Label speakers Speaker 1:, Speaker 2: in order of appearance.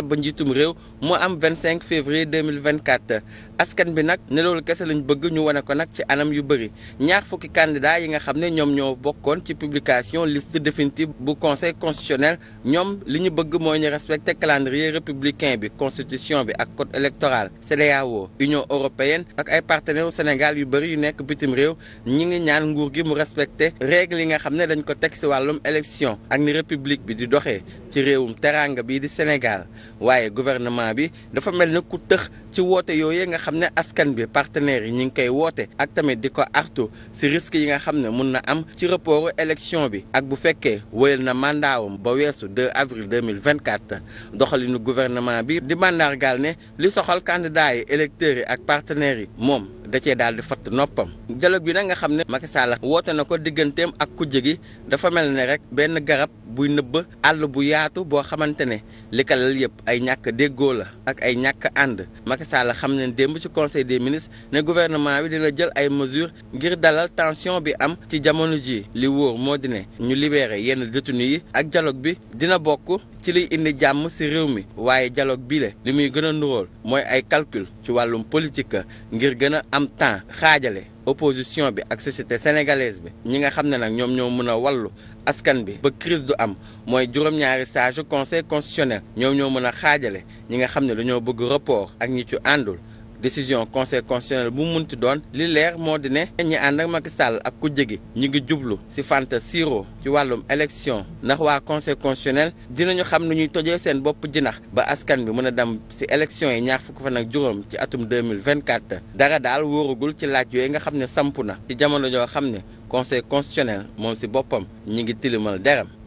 Speaker 1: tab njiitum réew mu am 25 février 2024 askan bi nag ne loolu kese lañu bëgg ñu wane ko nag ci anam yu bëri ñaar fukki kandidaa yi nga xam ne ñoom ñoo bokkoon ci publication liste définitive bu conseil constitutionnel ñoom li ñu bëgg mooy ñu respecter calendrier républicain bi constitution bi ak code électoral CEDEAO Union européenne ak ay partenaires u Sénégal yu bëri yu nekk bitim réew ñi ngi ñaan nguur gi mu respecter règle yi nga xam ne dañ ko teg si wàllum élection ak ni république bi di doxee ci réewum teranga bii di Sénégal waaye gouvernement bi dafa mel ni ku tëx ci woote yooyu nga xam ne askan bi partenaires yi ñu ngi koy woote ak tamit di ko artu si risque yi nga xam ne mun na am ci reportu élection bi ak bu fekkee wéyal na mandaawam ba weesu 2 avril 2024 doxalinu gouvernement bi di mandargaal ne li soxal candidats yi électeurs yi ak partenaires yi moom da cee daal di fatt noppam dialogue bi nag nga xam ne Macky Sall woote na ko digganteem ak kujje gi dafa mel ne rek benn garab buy nëbb àll bu yaatu boo xamante ne li ko lal yëpp ay ñàkk déggoo la ak ay ñàkk ànd Macky la xam ne démb ci conseil des ministre ne gouvernement bi dina jël ay mesures ngir dalal tension bi am ci jamono ji li wóor moo di ne ñu libéré yenn détenu yi ak jaloog bi dina bokk ci liy indi jàmm si réew mi waaye jaloog bi le li muy gën a nuróol mooy ay calcul ci wàllum politique ngir am temps xaajale opposition bi ak société sénégalaise bi ñi nga xam ne nag ñoom ñoo mën a wallu askan bi ba crise du am mooy juróom-ñaari sage conseil constitutionnel ñoom ñoo mën a xaajale ñi nga xam ne dañoo bëgg rapport ak ñi ci àndul décision conseil constitutionnel bu munti doon li leer moo di ne ñi ànd ak ak ku jegi ñu ngi jublu si Fanta Siro ci wàllum élection ndax waa conseil constitutionnel dinañu xam nu ñuy tojee seen bopp jinax ba askan bi mën a dem si élection yi ñaar fukk fan ak juróom ci atum 2024 dara daal wóoragul ci laaj yooyu nga xam ne samp na ci jamono joo xam ne conseil constitutionnel moom si boppam ñu ngi tilimal deram